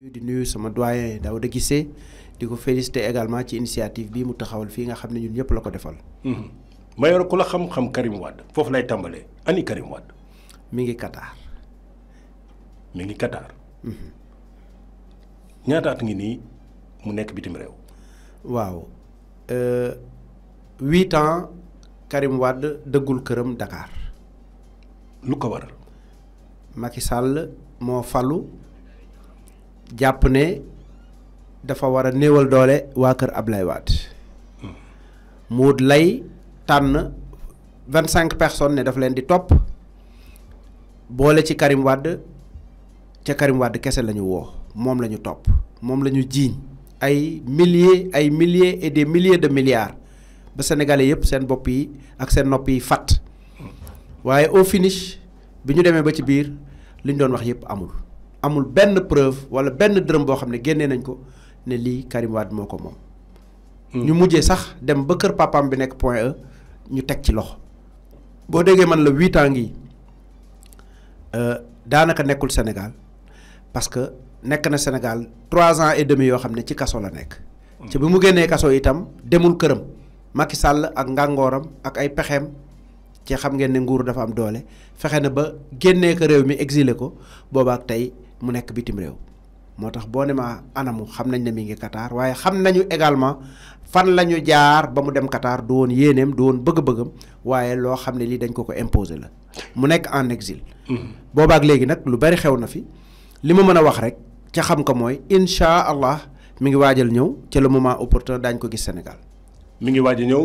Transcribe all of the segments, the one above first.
di nuyu sama doyen Daouda gissé diko féliciter également ci initiative bi mu taxawal fi nga xamné ñun ñëpp la ko defal. Mhm. Mayor ku la xam-xam Karim wad fofu lay tambalé ani Karim wad mi ngi Qatar. mi ngi Qatar. Mhm. ñaata at ngi ni mu nekk bitim réew. waaw euh, huit ans Karim wad deggul kërëm Dakar. lu ko waral. Macky Sall falu. jàpp ne dafa war a néewal doole waa kër Ablaye Wade muut lay tànn vingt cinq personne ne dafa leen di topp boole ci Karim ca Karim Wade kese la ñu woo moom la ñu topp moom la ñu jiiñ ay milliers ay milliers et des milliers de milliards ba sénégalais yëpp seen bopp yi ak seen nopp yi fàtt waaye au finish bi ñu demee ba ci biir li ñu doon wax yëpp amul. amul benn preuve wala benn dërëm boo xam ne génnee nañ ko ne lii Karim moo ko moom. Hmm. ñu mujjee sax dem ba kër papaam bi nekk point E ñu teg ci loxo. boo déggee man la huit ans ngi euh, daanaka nekkul Sénégal parce que nekk na Sénégal trois ans et demi yoo xam ne ci kaso la nekk. Hmm. ci bi mu génnee kaso itam demul këram. Macky sàll ak ngàngooram ak ay pexeem ci xam ngeen ne nguur dafa am doole fexe na ba génnee ko réew mi exile ko boobaak tey. mu nekk bitim réew moo tax boo ne ma anamu xam nañ ne mi ngi Qatar waaye xam nañu également fan la ñu jaar ba mu dem Qatar du woon yéeneem du woon bëgg-bëggam waaye loo xam ne lii dañ ko ko imposer la mu nekk en exil. Mm-hmm. boobaak léegi nag lu bari xew na fi li ma mën a wax rek ca xam ko mooy incha allah mi ngi waajal ñëw ca le moment opportun daañ ko gis Sénégal. mi ngi waaj a ñëw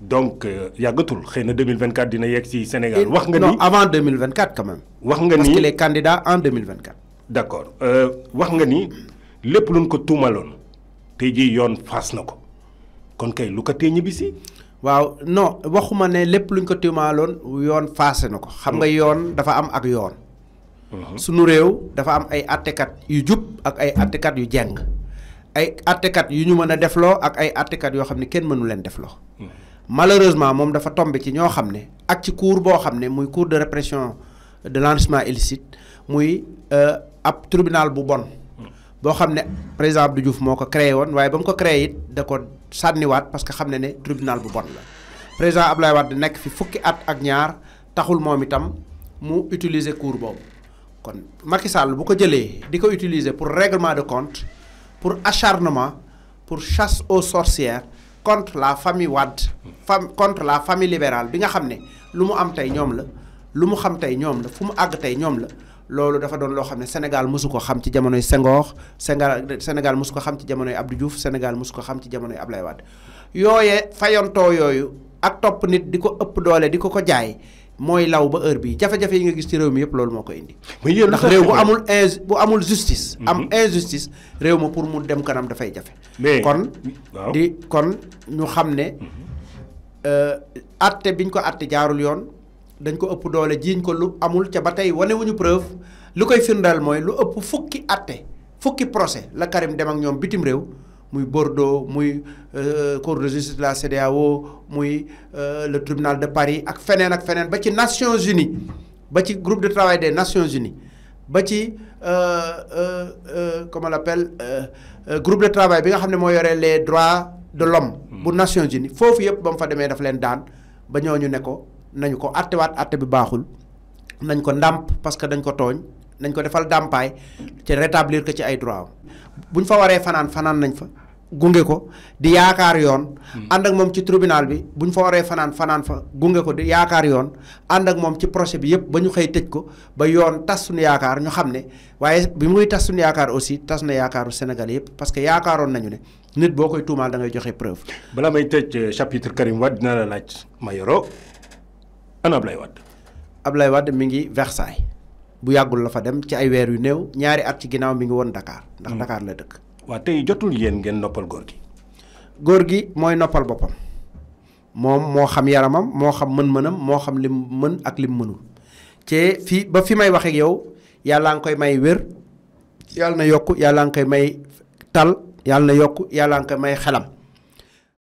donc euh, yàggatul xëy na 2024 dina yegg si Sénégal. wax nga ni non avant 2024 quand même. wax nga ni parce qu'il est candidat en D'accord. accord euh, wax nga ni lépp luñ ko tuumaloon tey jii yoon faas na kon kay lu ko non waxuma ne luñ ko xam nga mm-hmm. dafa am ak mm-hmm. dafa am ay attekat yu jub ak ay attekat jeng. ay attekat yu ñu ak ay attekat kenn mënu mm-hmm. malheureusement moom dafa tombe ci ñoo ak de répression de lancement illicite muy euh, ab tribunal bu bon bo xamné président Abdou Diouf moo ko créé woon waaye ba ko créé it da ko parce que xamné né tribunal bu bon la président Abdoulaye Wade nek fi fukki at ak ñaar taxul moom itam mu utiliser cour bob kon Macky Sall bu ko jëlee diko utiliser pour règlement de compte pour acharnement pour chasse aux sorcières contre la famille wad fam contre la famille libérale bi nga xamné ne lu mu am tay ñom la lu mu xam tey ñoom la fu mu àgg tey ñoom la loolu dafa doon loo xam ne Sénégal mosu ko xam ci jamonoy Senghor Sénégal Sénégal mosu ko xam ci jamonoy Abdou Diouf Sénégal mosu ko xam ci jamonoy Ablaye waat yooye fayantoo yooyu ak topp nit di ko ëpp doole di ko ko jaay mooy law ba heure bii jafe-jafe yi nga gis ci réew mi yëpp loolu moo ko indi. ndax réew bu amul in bu amul justice. Mhm. am injustice réew ma pour mu dem kanam dafay jafe. kon di kon ñu xam ne. àtte mhm. euh, bi ko àtte jaarul yoon. dañ ko ëpp doole jiiñ ko lu amul ca ba tey wanewuñu preuve lu koy firndeel mooy lu ëpp fukki atte fukki procès la Karim dem ak ñoom bitim réew muy Bordeaux muy euh, cour de justice de la CEDEAO muy euh, le tribunal de Paris ak feneen ak feneen ba ci Nations Unies ba ci groupe de travail des Nations Unies ba ci euh, comment on l'appelle groupe de travail bi nga xam ne moo yore les droit de l'homme hmm. bu Nations Unies foofu yëpp ba mu fa demee daf leen daan ba ñooñu ne ko nañu ko attewaat atte bi baaxul nañ ko ndàmp parce que dañ ko tooñ nañ ko defal dàmpaay ci rétablir ko ci ay droit bu ñu fa waree fanaan fanaan nañ fa gunge ko di yaakaar yoon. Hmm. ànd ak moom ci tribunal bi bu ñu fa waree fanaan fanaan fa gunge ko di yaakaar yoon ànd ak moom ci procès bi yëpp ba ñu xëy tëj ko ba yoon tas suñu yaakaar ñu xam ne waaye bi muy tas suñu yaakaar aussi tas na yaakaaru Sénégal yëpp parce que yaakaaroon nañu ne nit boo koy tuumaal da ngay joxe preuve. bala may tëj euh, chapitre Karim Wade dina la laaj Mayoro ana Ablaye Wade. Ablaye Wade mi ngi Versailles bu yàggul la fa dem ci ay weer yu néew ñaari at ci ginnaaw mi ngi woon dakaar ndax hmm. dakaar la dëkk. waa tey jotul yéen ngeen noppal góor gi. góor gi mooy noppal boppam moom moo xam yaramam moo xam mën-mënam moo xam lim mën ak lim mënul te fii ba fi may wax ak yow yàllaa nga koy may wér yàlla na yokk yàlla nga koy may tal yàlla na yokk yàlla nga koy may xelam.